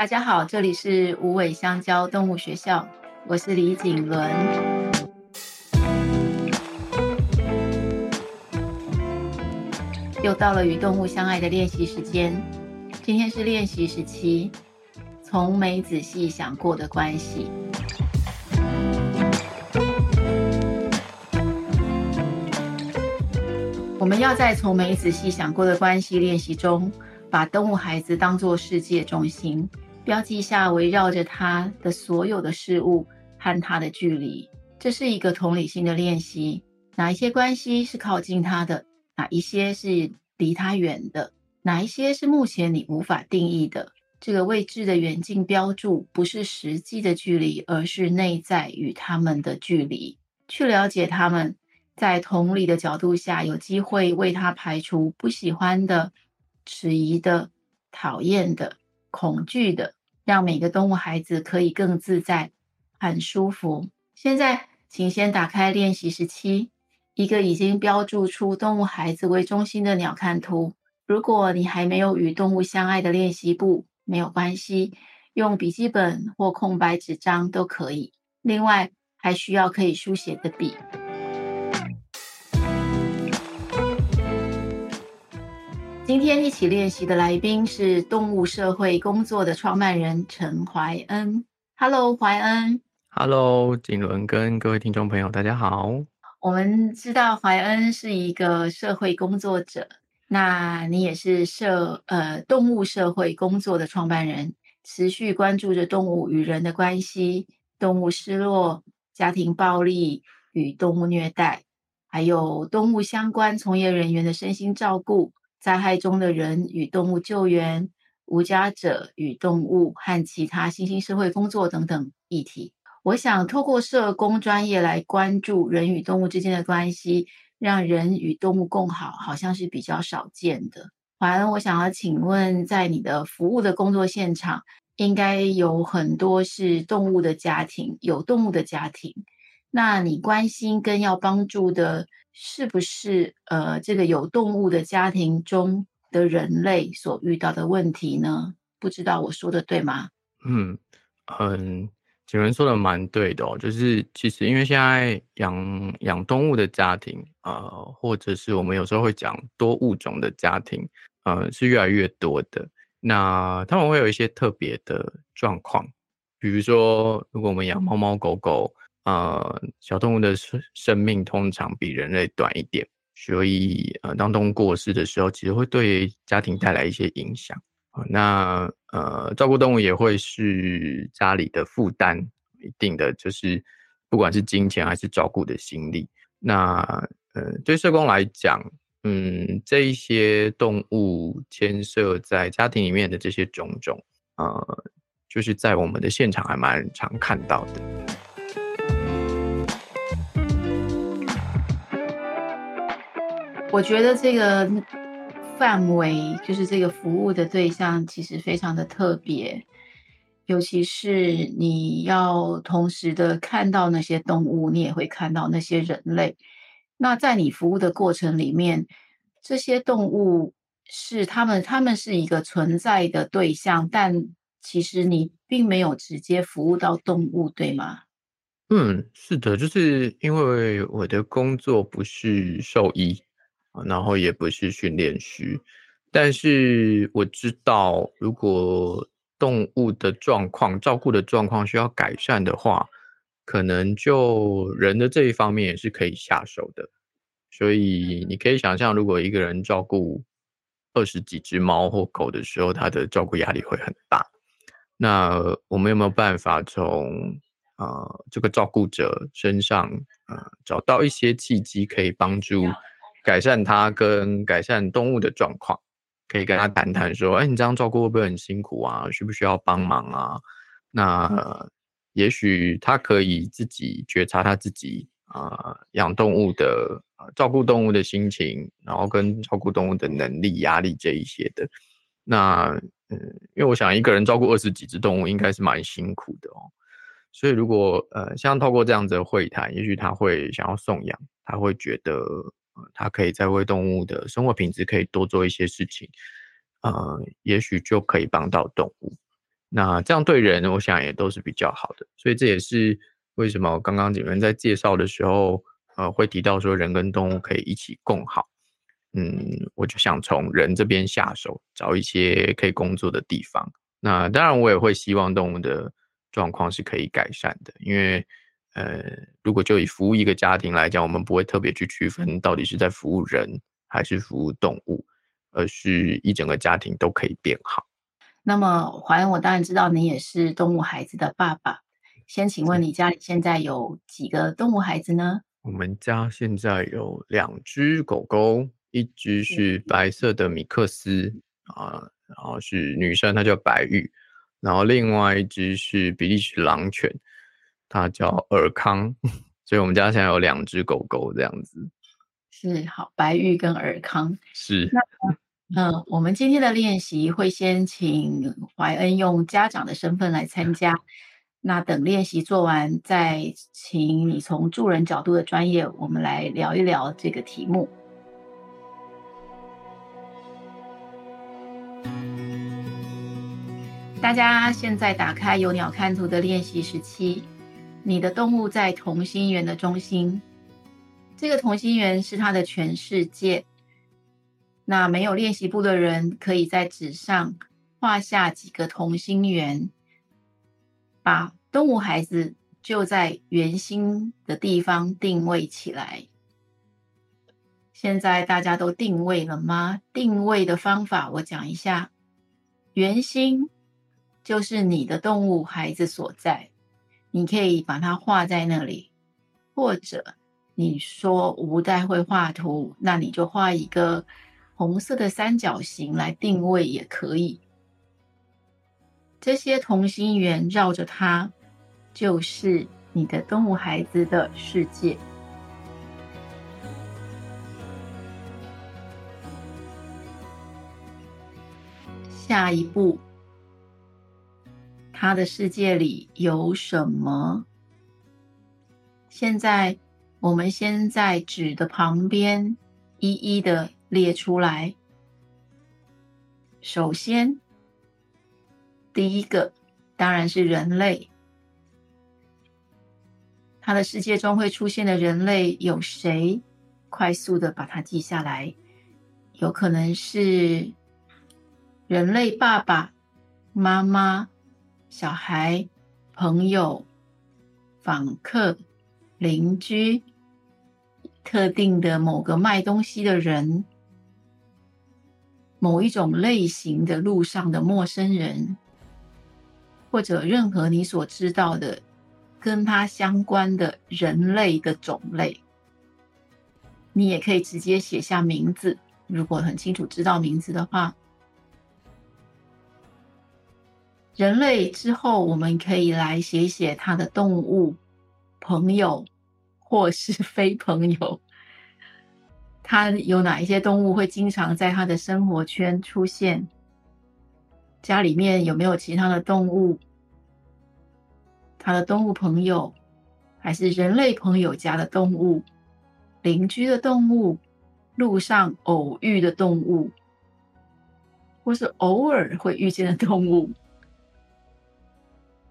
大家好，這裡是無尾香蕉動物學校，我是李瑾倫。又到了與動物相愛的練習時間，今天是練習十七，從沒仔細想過的關係。我們要在從沒仔細想過的關係練習中，把動物孩子當做世界中心。標記下圍繞着他的所有的事物和他的距離，這是一個同理心的練習。哪一些關係是靠近他的？哪一些是離他遠的？哪一些是目前你無法定義的？這個位置的遠近標注不是實際的距離，而是內在與他們的距離。去了解他們，在同理的角度下，有機會為他排除不喜歡的、遲疑的、討厭的、恐懼的。讓每個動物孩子可以更自在、很舒服。現在，請先打開練習十七，一個已經標註出動物孩子為中心的鳥瞰圖。如果你還沒有與動物相愛的練習簿，沒有關係，用筆記本或空白紙張都可以。另外，還需要可以書寫的筆。今天一起練習的來賓是動物社會工作的創辦人陳懷恩。Hello，懷恩。Hello，瑾倫跟各位聽眾朋友，大家好。我們知道懷恩是一個社會工作者，那你也是社呃動物社會工作的創辦人，持續關注着動物與人的關係、動物失落、家庭暴力與動物虐待，還有動物相關從業人員的身心照顧、災害中的人與動物救援，無家者與動物和其他新興社會工作等等議題，我想透過社工專業來關注人與動物之間的關係，讓人與動物共好，好像是比較少見的。華恩，我想要請問，在你的服務的工作現場，應該有很多是動物的家庭，有動物的家庭，那你關心跟要幫助的？是不是呃，這個有動物的家庭中的人類所遇到的問題呢？不知道我說的對嗎？嗯嗯，景文說的蠻對的哦，就是其實因為現在養養動物的家庭啊，呃，或者是我們有時候會講多物種的家庭，呃，是越來越多的。那他們會有一些特別的狀況，比如說，如果我們養貓貓狗狗。呃，小動物的生生命通常比人類短一點，所以呃，當動物過世的時候，其實會對家庭帶來一些影響。啊、呃，那呃，照顧動物也會是家裡的負擔，一定的就是，不管是金錢還是照顧的心力。那呃，對社工來講，嗯，這一些動物牽涉在家庭裡面的這些種種，呃，就是在我們的現場還蠻常看到的。我覺得這個範圍就是這個服務的對象，其實非常的特別，尤其是你要同時的看到那些動物，你也會看到那些人類。那在你服務的過程裡面，這些動物是他們，他們是一個存在的對象，但其實你並沒有直接服務到動物，對嗎？嗯，是的，就是因為我的工作不是獸醫。然後也不是訓練師，但是我知道，如果動物的狀況、照顧的狀況需要改善的話，可能就人的這一方面也是可以下手的。所以你可以想象，如果一個人照顧二十幾隻貓或狗的時候，他的照顧壓力會很大。那我們有沒有辦法從啊、呃、這個照顧者身上啊、呃、找到一些契機，可以幫助？改善他跟改善動物的狀況，可以跟他談談說：哎，你這樣照顧會不會很辛苦啊？需不需要幫忙啊？那也許他可以自己覺察他自己啊、呃、養動物的照顧動物的心情，然後跟照顧動物的能力、壓力這一些的。那嗯、呃，因為我想一個人照顧二十幾隻動物應該是蠻辛苦的哦。所以如果呃，像透過這樣子的會談，也許他會想要送養，他會覺得。它他可以在為動物的生活品質可以多做一些事情，呃，也許就可以幫到動物。那這樣對人，我想也都是比較好的。所以這也是為什麼剛剛你們在介紹的時候，呃，會提到說人跟動物可以一起共好。嗯，我就想從人這邊下手，找一些可以工作的地方。那當然，我也會希望動物的狀況是可以改善的，因為。呃，如果就以服務一個家庭來講，我們不會特別去區分到底是在服務人還是服務動物，而是一整個家庭都可以變好。那麼，華恩，我當然知道你也是動物孩子的爸爸。先請問你家裡現在有幾個動物孩子呢？我們家現在有兩隻狗狗，一隻是白色的米克斯啊、呃，然後是女生，它叫白玉，然後另外一隻是比利時狼犬。它叫爾康，所以我們家現在有兩隻狗狗，這樣子是好。白玉跟爾康是。那嗯、呃，我們今天的練習會先請懷恩用家長的身份來參加，那等練習做完再請你從助人角度的專業，我們來聊一聊這個題目。大家現在打開有鳥瞰圖的練習十七。你的動物在同心圓的中心，這個同心圓是它的全世界。那沒有練習簿的人，可以在紙上畫下幾個同心圓，把動物孩子就在圓心的地方定位起來。現在大家都定位了嗎？定位的方法我講一下，圓心就是你的動物孩子所在。你可以把它畫在那裡，或者你說我不太會畫圖，那你就畫一個紅色的三角形來定位也可以。這些同心圓繞着它，就是你的動物孩子的世界。下一步。他的世界裡有什麼？現在我們先在紙的旁邊一一的列出來。首先，第一個當然是人類。他的世界中會出現的人類有誰？快速的把它記下來。有可能是人類爸爸媽媽。小孩、朋友、訪客、鄰居、特定的某個賣東西的人、某一種類型的路上的陌生人，或者任何你所知道的跟他相關的人類的種類，你也可以直接寫下名字，如果很清楚知道名字的話。人類之後，我們可以來寫寫他的動物朋友，或是非朋友。他有哪一些動物會經常在他的生活圈出現？家裡面有沒有其他的動物？他的動物朋友，還是人類朋友家的動物？鄰居的動物，路上偶遇的動物，或是偶爾會遇見的動物？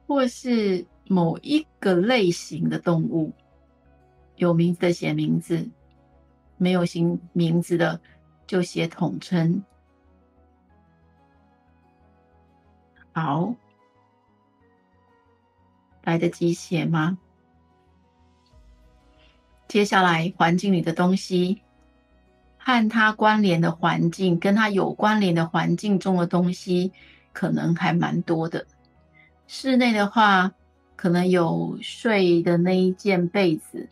或是某一個類型的動物，有名字的寫名字，沒有名字的就寫統稱。好，來得及寫嗎？接下來，環境裡的東西和它關聯的環境，跟它有關聯的環境中的東西，可能還蠻多的。室內的話，可能有睡的那一件被子、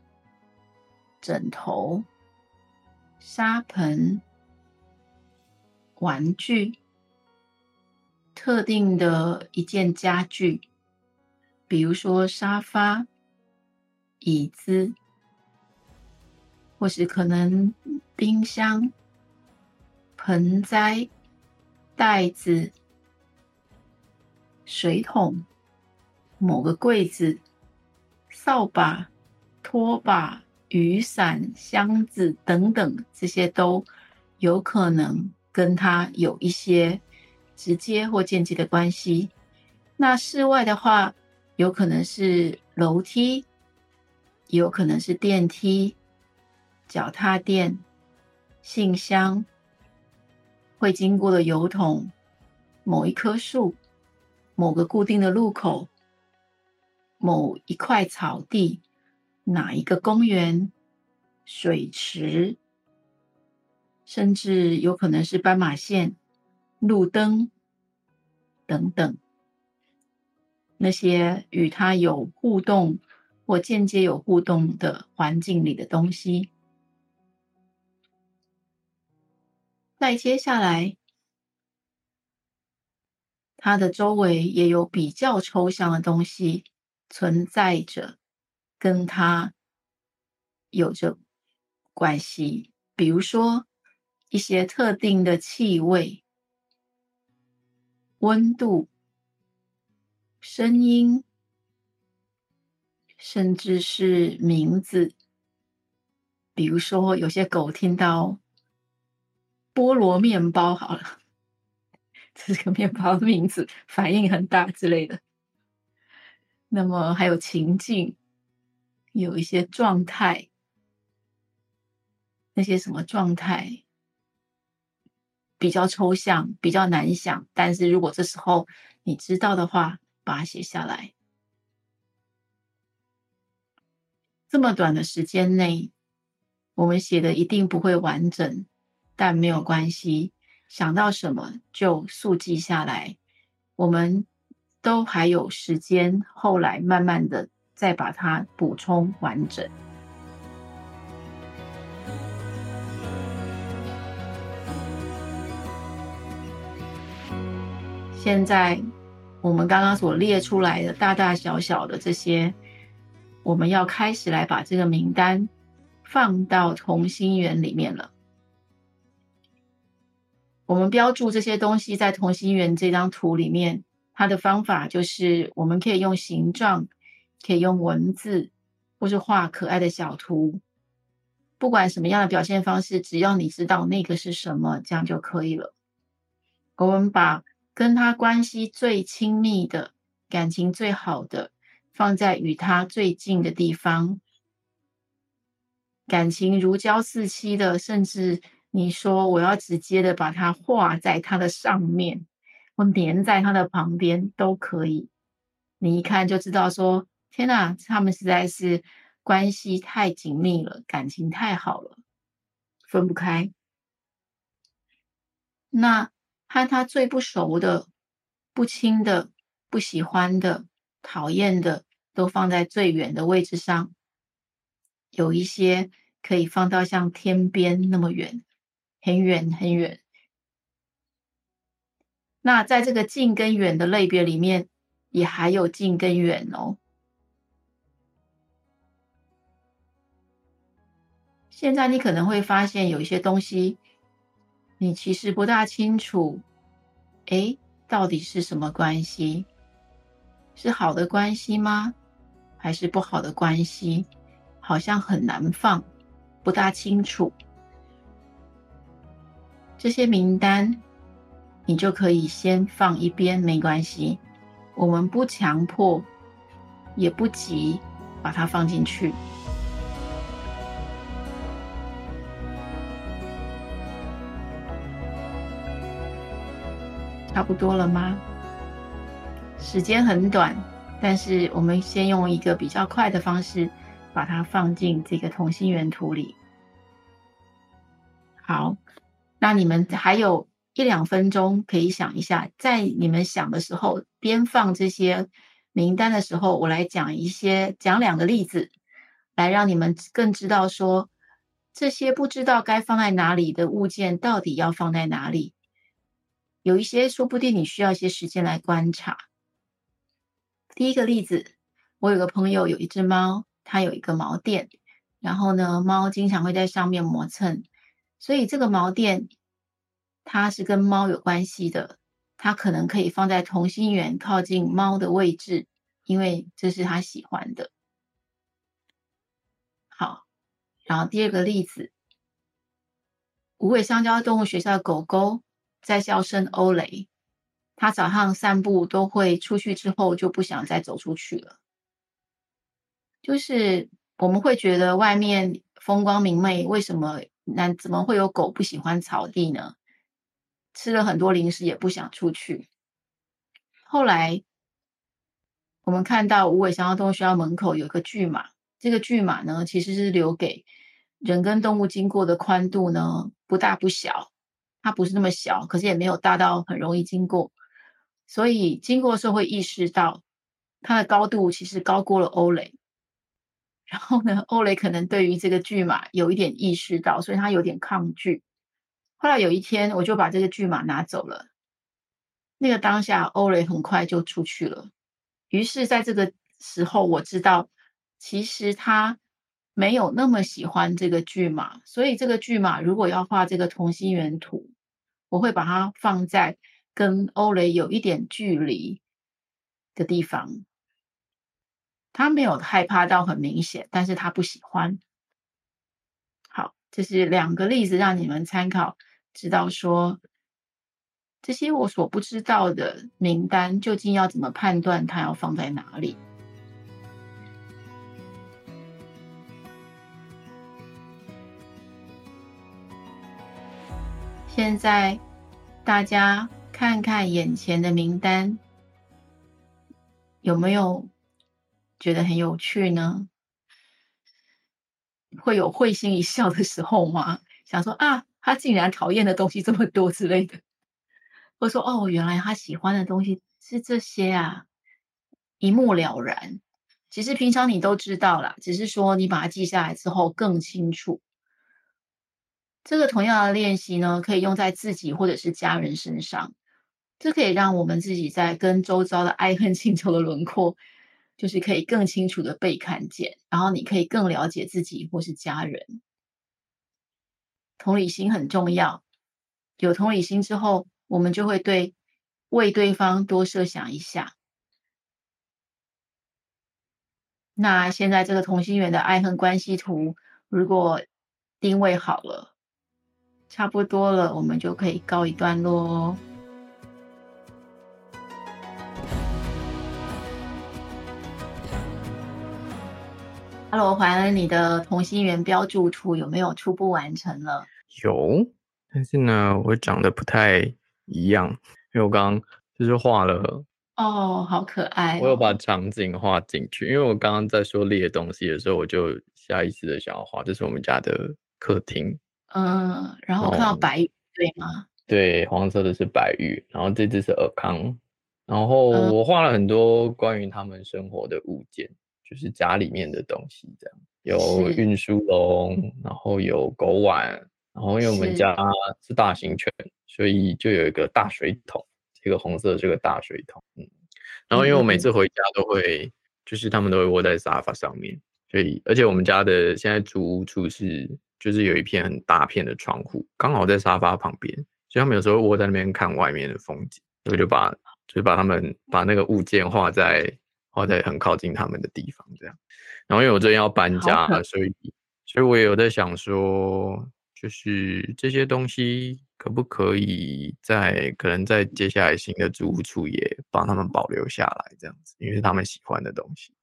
枕頭、沙盆、玩具、特定的一件家具，比如說沙發、椅子，或是可能冰箱、盆栽、袋子。水桶、某個櫃子、掃把、拖把、雨傘、箱子等等，這些都有可能跟它有一些直接或間接的關係。那室外的話，有可能是樓梯，也有可能是電梯、腳踏墊、信箱，會經過的油桶、某一棵樹。某個固定的路口，某一塊草地，哪一個公園、水池，甚至有可能是斑馬線、路燈等等，那些與它有互動或間接有互動的環境裡的東西。再接下來，它的周圍也有比較抽象的東西存在着，跟它有着關係。比如說一些特定的氣味、溫度、聲音，甚至是名字。比如說，有些狗聽到菠蘿麵包好了。這個麵包的名字反應很大之類的。那麼還有情境，有一些狀態，那些什麼狀態比較抽象，比較難想。但是如果這時候你知道的話，把它寫下來。這麼短的時間內，我們寫的一定不會完整，但沒有關係。想到什麼就速記下來，我們都還有時間，後來慢慢的再把它補充完整。現在我們剛剛所列出來的大大小小的這些，我們要開始來把這個名單放到同心圓裡面了。我們標注這些東西在同心圓這張圖裡面，它的方法就是我們可以用形狀，可以用文字，或是畫可愛的小圖。不管什麼樣的表現方式，只要你知道那個是什麼，這樣就可以了。我們把跟他關係最親密的、感情最好的，放在與他最近的地方。感情如膠似漆的，甚至。你說我要直接的把它畫在它的上面，或粘在它的旁邊都可以。你一看就知道說，說天哪，他們實在是關係太緊密了，感情太好了，分不開。那和他最不熟的、不親的、不喜歡的、討厭的，都放在最遠的位置上。有一些可以放到像天邊那麼遠。很遠很遠，那在這個近跟遠的類別裡面，也還有近跟遠哦。現在你可能會發現有一些東西，你其實不大清楚，哎，到底是什麼關係？是好的關係嗎？還是不好的關係？好像很難放，不大清楚。這些名單，你就可以先放一邊，沒關係。我們不強迫，也不急，把它放進去。差不多了嗎？時間很短，但是我們先用一個比較快的方式，把它放進這個同心圓圖裡。好。那你們還有一兩分鐘可以想一下，在你們想的時候，邊放這些名單的時候，我來講一些，講兩個例子，來讓你們更知道說這些不知道該放在哪裡的物件到底要放在哪裡。有一些，說不定你需要一些時間來觀察。第一個例子，我有個朋友有一只貓，它有一個毛墊，然後呢，貓經常會在上面磨蹭。所以這個毛墊，它是跟貓有關係的，它可能可以放在同心圓靠近貓的位置，因為這是他喜歡的。好，然後第二個例子，無尾香蕉動物學校的狗狗在校生歐雷，他早上散步都會出去之後就不想再走出去了，就是我們會覺得外面風光明媚，為什麼？那怎麼會有狗不喜歡草地呢？吃了很多零食也不想出去。後來我們看到無尾香蕉動物學校門口有一個拒馬，這個拒馬呢其實是留給人跟動物經過的寬度呢不大不小，它不是那麼小，可是也沒有大到很容易經過。所以經過的時候會意識到它的高度其實高過了歐雷。然後呢，歐雷可能對於這個拒馬有一點意識到，所以他有點抗拒。後來有一天，我就把這個拒馬拿走了。那個當下，歐雷很快就出去了。於是，在這個時候，我知道其實他沒有那麼喜歡這個拒馬。所以，這個拒馬如果要畫這個同心圓圖，我會把它放在跟歐雷有一點距離的地方。他沒有害怕到很明顯，但是他不喜歡。好，這是兩個例子讓你們參考，知道說這些我所不知道的名單究竟要怎麼判斷，它要放在哪裡。現在大家看看眼前的名單，有沒有？覺得很有趣呢，會有會心一笑的時候嗎？想說啊，他竟然討厭的東西這麼多之類的。我說哦，原來他喜歡的東西是這些啊，一目了然。其實平常你都知道啦，只是說你把它記下來之後更清楚。這個同樣的練習呢，可以用在自己或者是家人身上，這可以讓我們自己在跟周遭的愛恨情仇的輪廓，就是可以更清楚的被看見，然後你可以更了解自己或是家人。同理心很重要，有同理心之後，我們就會對為對方多設想一下。那現在這個同心圓的愛恨關係圖，如果定位好了，差不多了，我們就可以告一段落哦。我懷了你的同心圓標注圖有沒有初步完成了？有，但是呢，我長得不太一樣，因為我剛剛就是畫了。哦，好可愛哦！我有把場景畫進去，因為我剛剛在說列東西的時候，我就下意識的想要畫。這是我們家的客廳。嗯，然後我看到白玉後對嗎？對，黃色的是白玉，然後這只是爾康，然後我畫了很多關於他們生活的物件。嗯就是家裡面的東西，這樣有運輸籠，然後有狗碗，然後因為我們家是大型犬，是所以就有一個大水桶，一個這個紅色的這個大水桶。嗯，然後因為我每次回家都會，嗯、就是它們都會窩在沙发上面，所以而且我們家的現在住處是就是有一片很大片的窗戶，剛好在沙发旁邊，所以它們有時候窩在那邊看外面的風景。我就把就是把它們把那個物件畫在。畫在很靠近他們的地方，這樣。然後因為我這要搬家了，所以所以我也有在想說，就是這些東西可不可以在可能在接下來新的住處也幫他們保留下來，這樣子，因為是他們喜歡的東西。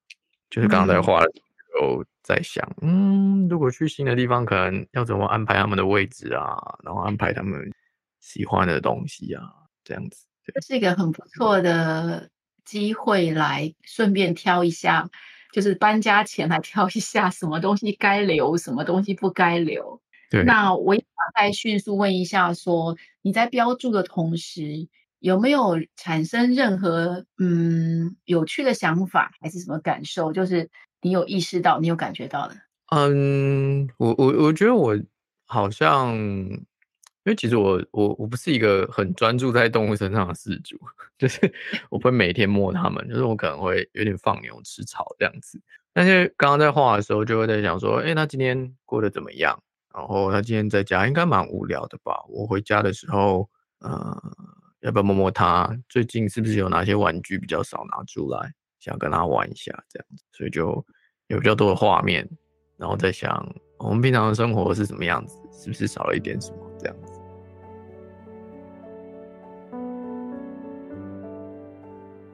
就是剛才畫的時候在想，嗯，嗯，如果去新的地方，可能要怎麼安排他們的位置啊，然後安排他們喜歡的東西啊，這樣子。對。這是一個很不錯的。機會來，順便挑一下，就是搬家前來挑一下，什麼東西該留，什麼東西不該留。對，那我也再迅速問一下說，說你在標註的同時，有沒有產生任何嗯有趣的想法，還是什麼感受？就是你有意識到，你有感覺到的？嗯，我我我覺得我好像。因為其實我我我不是一個很專注在動物身上的飼主，就是我不會每天摸它們，就是我可能會有點放牛吃草這樣子。但是剛剛在畫的時候，就會在想說，哎、欸，它今天過得怎麼樣？然後它今天在家應該蠻無聊的吧。我回家的時候，呃，要不要摸摸它最近是不是有哪些玩具比較少拿出來，想跟它玩一下這樣子。所以就有比較多的畫面，然後在想我們平常的生活是什麼樣子，是不是少了一點什麼這樣子？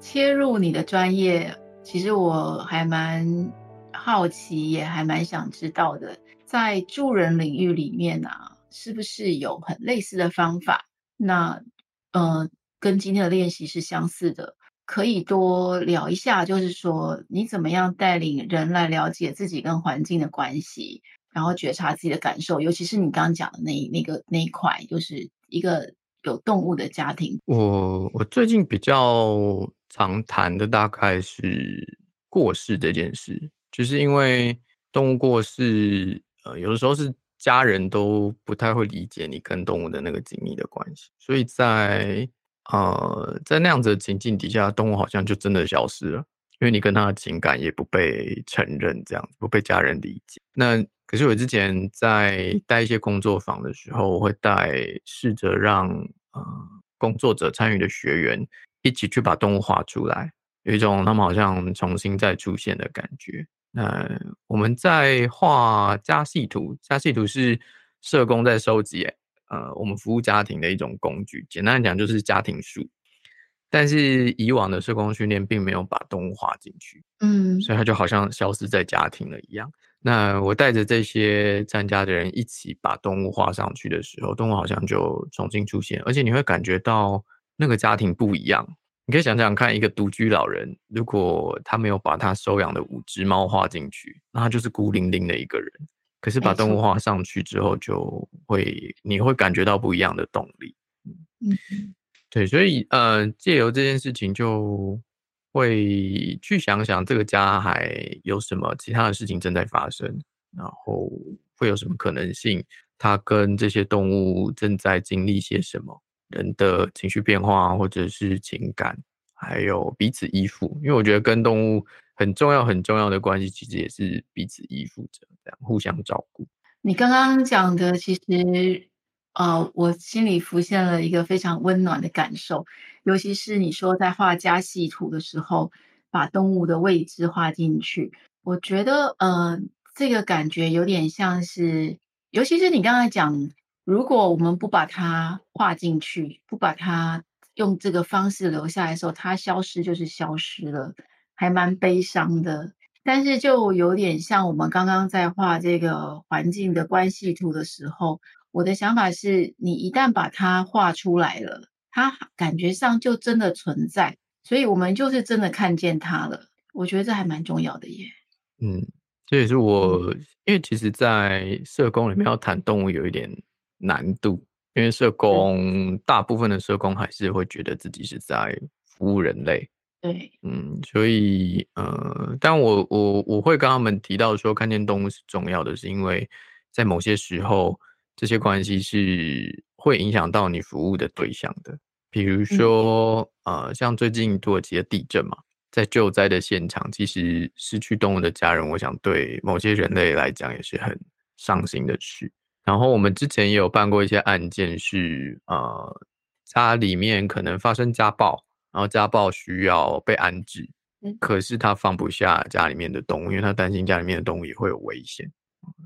切入你的專業，其實我還蠻好奇，也還蠻想知道的。在助人領域裡面啊，是不是有很類似的方法？那，嗯、呃，跟今天的練習是相似的，可以多聊一下。就是說，你怎麼樣帶領人來了解自己跟環境的關係，然後覺察自己的感受，尤其是你剛剛講的那那個那一塊，就是一個。有動物的家庭，我我最近比較常談的大概是過世這件事，就是因為動物過世，呃，有的時候是家人都不太會理解你跟動物的那個緊密的關係，所以在，呃，在那樣子的情境底下，動物好像就真的消失了。因為你跟他的情感也不被承認，這樣不被家人理解。那可是我之前在帶一些工作坊的時候，我會帶試着讓、呃、工作者參與的學員一起去把動物畫出來，有一種他們好像重新再出現的感覺。那我們在畫家系圖，家系圖是社工在收集呃我們服務家庭的一種工具，簡單來講就是家庭樹。但是以往的社工訓練並沒有把動物畫進去，嗯，所以它就好像消失在家庭了一樣。那我帶着這些參加的人一起把動物畫上去的時候，動物好像就重新出現，而且你會感覺到那個家庭不一樣。你可以想想看，一個獨居老人，如果他沒有把他收養的五隻貓畫進去，那他就是孤零零的一個人。可是把動物畫上去之後，就會、哎、呦你會感覺到不一樣的動力。嗯。對，所以呃，借由這件事情，就會去想想這個家還有什麼其他的事情正在發生，然後會有什麼可能性？他跟這些動物正在經歷些什麼？人的情緒變化，或者是情感，還有彼此依附。因為我覺得跟動物很重要、很重要的關係，其實也是彼此依附着，這樣互相照顧。你剛剛講的，其實。啊、呃，我心裡浮現了一個非常溫暖的感受，尤其是你說在畫家系圖的時候，把動物的位置畫進去，我覺得，呃，這個感覺有點像是，尤其是你剛才講，如果我們不把它畫進去，不把它用這個方式留下來的時候，它消失就是消失了，還蠻悲傷的。但是就有點像我們剛剛在畫這個環境的關係圖的時候。我的想法是，你一旦把它畫出來了，它感覺上就真的存在，所以我們就是真的看見它了。我覺得這還蠻重要的耶。嗯，這也是我，因為其實，在社工裡面要談動物有一點難度，因為社工對大部分的社工還是會覺得自己是在服務人類。對。嗯，所以，呃，但我我我會跟他們提到說，看見動物是重要的，是因為在某些時候。這些關係是會影響到你服務的對象的，比如說，嗯、呃，像最近土耳其的地震嘛，在救災的現場，其實失去動物的家人，我想對某些人類來講也是很傷心的事。嗯、然後我們之前也有辦過一些案件是，是呃，家裡面可能發生家暴，然後家暴需要被安置，嗯、可是他放不下家裡面的動物，因為他擔心家裡面的動物也會有危險。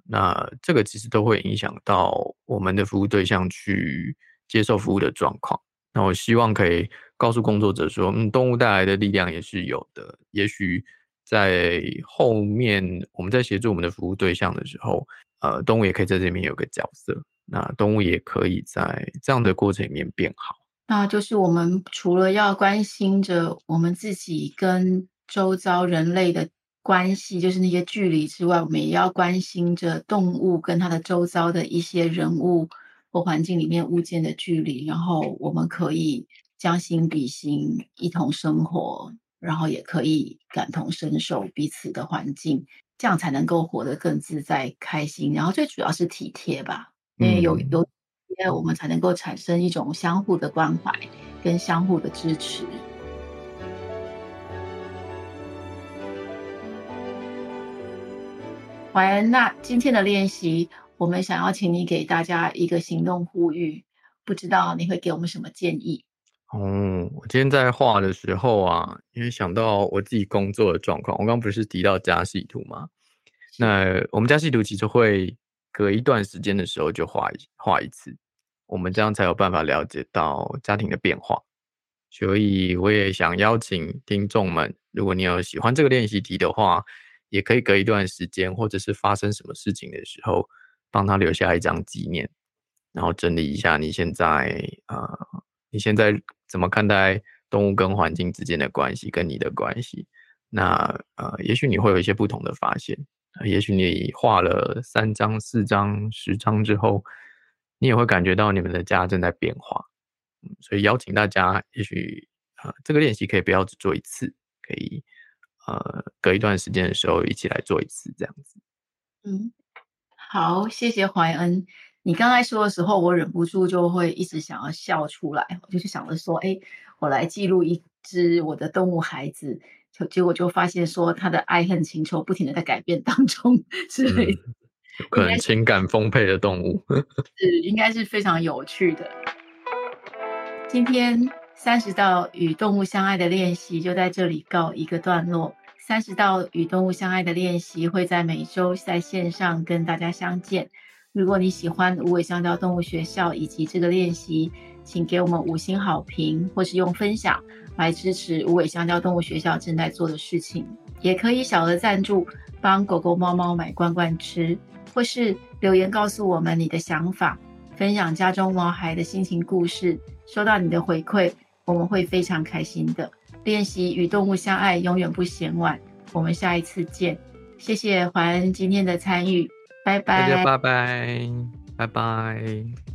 那這個其實都會影響到我們的服務對象去接受服務的狀況。那我希望可以告訴工作者說，嗯，動物帶來的力量也是有的。也許在後面我們在協助我們的服務對象的時候，呃，動物也可以在這裡面有個角色。那動物也可以在這樣的過程裡面變好。那就是我們除了要關心着我們自己跟周遭人類的。關係就是那些距離之外，我們也要關心着動物跟它的周遭的一些人物或環境裡面物件的距離，然後我們可以將心比心，一同生活，然後也可以感同身受彼此的環境，這樣才能夠活得更自在開心。然後最主要是體貼吧，嗯。因為有有體貼，我們才能夠產生一種相互的關懷跟相互的支持。好，那今天的練習，我們想要請你給大家一個行動呼籲，不知道你會給我們什麼建議？哦，我今天在畫的時候啊，因為想到我自己工作的狀況，我剛剛不是提到家系圖嘛是那我們家系圖其實會隔一段時間的時候就畫一畫一次，我們這樣才有辦法了解到家庭的變化。所以我也想邀請聽眾們，如果你有喜歡這個練習題的話。也可以隔一段時間，或者是發生什麼事情的時候，幫他留下一張紀念，然後整理一下你現在啊、呃，你現在怎麼看待動物跟環境之間的關係，跟你的關係？那呃，也許你會有一些不同的發現、呃、也許你畫了三張、四張、十張之後，你也會感覺到你們的家正在變化。嗯，所以邀請大家也，也許啊，這個練習可以不要只做一次，可以。呃、嗯，隔一段時間的時候一起來做一次這樣子。嗯，好，謝謝懷恩。你剛才說的時候，我忍不住就會一直想要笑出來，我就是、想着說，哎，我來記錄一只我的動物孩子，就結果就發現說，他的愛恨情仇不停的在改變當中，是、嗯、可能情感豐沛的動物，應該是、是、應該是非常有趣的。今天。三十道與動物相愛的練習就在這裡告一個段落。三十道與動物相愛的練習會在每周在線上跟大家相見。如果你喜歡無尾香蕉動物學校以及這個練習，請給我們五星好評，或是用分享來支持無尾香蕉動物學校正在做的事情。也可以小額贊助，幫狗狗貓貓買罐罐吃，或是留言告訴我們你的想法，分享家中毛孩的心情故事。收到你的回饋。我們會非常開心的，練習與動物相愛，永遠不嫌晚。我們下一次見，謝謝華恩今天的參與，拜拜。大家拜拜，拜拜。